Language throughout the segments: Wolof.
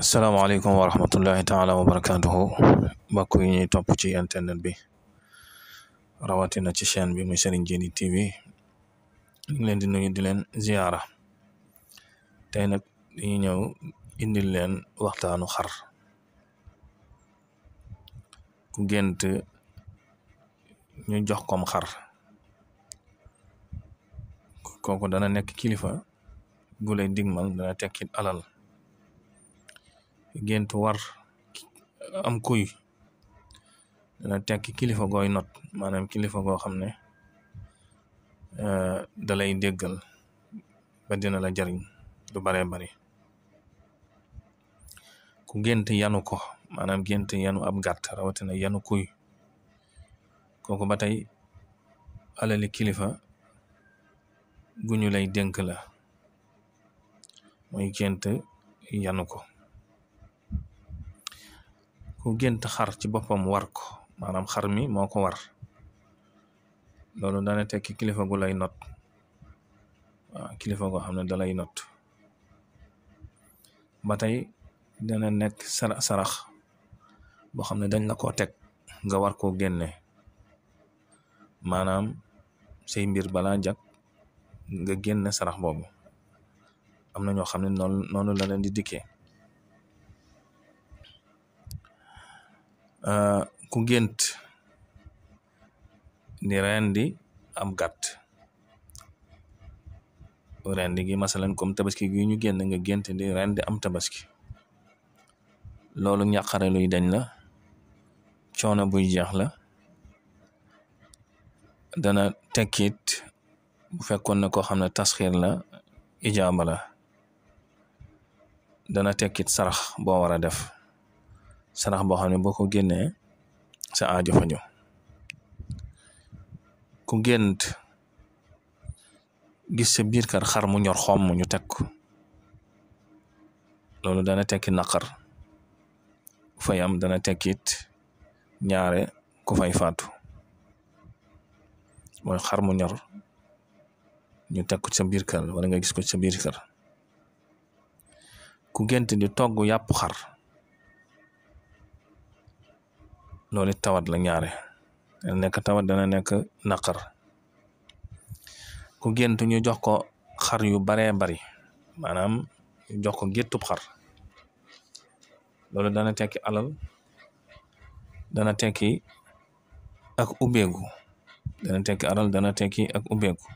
salaamaaleykum wa rahmatullahi taala wa barakatuhu mbokk yi ñuy topp ci internet bi rawatina ci chaîne bi muy Serigne Djily TV ñu ngi leen di nuyu di leen ziyaara tey nag dañuy ñëw indil leen waxtaanu xar ku gént ñu jox kom xar kooku dana nekk kilifa gu lay digmal dana tekkit alal gént war am kuy dana tekki kilifa gooy not maanaam kilifa goo xam ne eh, da lay déggal ba la jariñ lu baree bari ku gént yanu ko maanaam gént yanu ab gàtt rawatina yanu kuy kooku ba tey alali kilifa guñu lay dénk la moy gént yanu ko ku gént xar ci boppam war ko maanaam xar mi moo ko war loolu dana tekki kilifa gu lay not waaw kilifa goo xam ne da lay not ba tey dana nekk sara sarax boo xam ne dañ la koo teg nga war koo génne maanaam sey mbir balaa jag nga génne sarax boobu am na ñoo xam ne noonu noonu la leen di dikkee Euh, ku gént di rendi am gàtt rendi gi masalan comme tabaski gi ñu génn nga gént di rendi am tabaski loolu ñàqare luy deñ la coono buy jeex la dana tekkit bu fekkoon na koo xam ne tasxiir la ijaaba la dana tekkit sarax boo war a def sarax boo xam ne boo ko génnee sa aajo faju ku gént gis sa biir kar xar mu ñor xomm ñu teg ko loolu dana tekki naqar ku dana tekkit ñaare ku fay faatu mooy xar mu ñor ñu teg ci sa biir kër wala nga gis ko ci sa biir kër ku gént di togg yàpp xar loolu tawat la ñaare dana nekk tawat dana nekk naqar ku gént ñu jox ko xar yu baree bari maanaam jox ko géttub xar loolu dana tekki alal dana tekki ak ubbeeku dana tekki alal dana tekki ak ubbeeku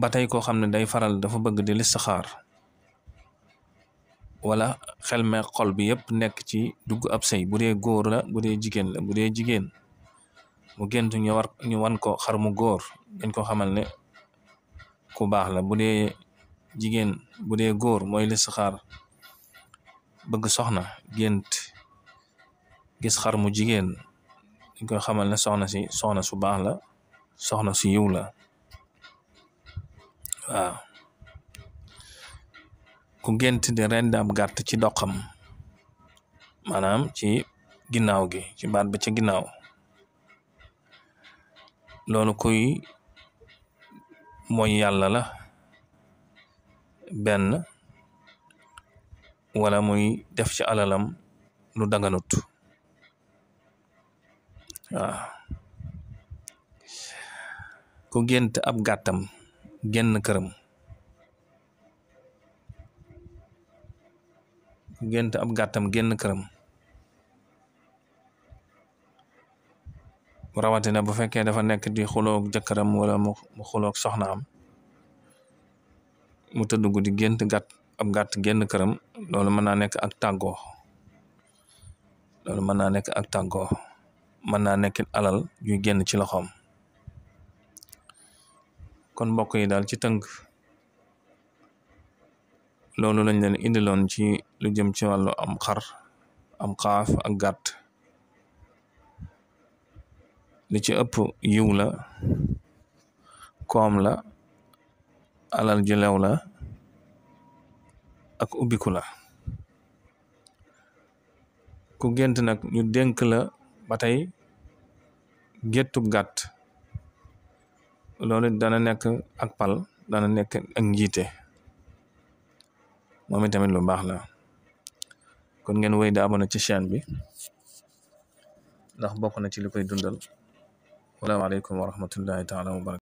ba tey koo xam ne day faral dafa bëgg di listixaar wala xel me xol bi yëpp nekk ci dugg ab sëy bu dee góor la bu dee jigéen la bu dee jigéen mu gént ñu war ñu wan ko xar mu góor dañ ko xamal ne ku baax la bu dee jigéen bu dee góor mooy listixaar bëgg soxna gént gis xar mu jigéen dañ koy xamal ne soxna si soxna su baax la soxna su yiw la waaw ku gént di rendi ab gàtt ci doqam maanaam ci ginnaaw gi ci baat bi ci ginnaaw loolu kuy mooy yàlla la benn wala muy def ci alalam lu daganut waaw ku gént ab gàttam genn këram gént ab gàttam genn këram rawatina bu fekkee dafa nekk di xuloog jëkkëram wala mu xuloog am mu tëdd guddi gént gàtt ab gàtt génn këram loolu mën naa nekk ak tàggoo loolu mën naa nekk ak tàggoo mën naa nekk alal yuy génn ci loxoom kon mbokk yi daal ci tënk loolu lañ leen indiloon ci lu jëm ci wàllu am xar am xaaf ak gàtt li ci ëpp yiw la koom la alal ju lew la ak ubbiku la ku gént nag ñu dénk la ba tey géttub gàtt loolu dana nekk ak pal dana nekk ak njiite moo moom itamit lu baax la kon ngeen wéy di abonné ci chaîne bi ndax bokk na ci li koy dundal walaamaaleykum wa rahmatullahi taala wa barakatu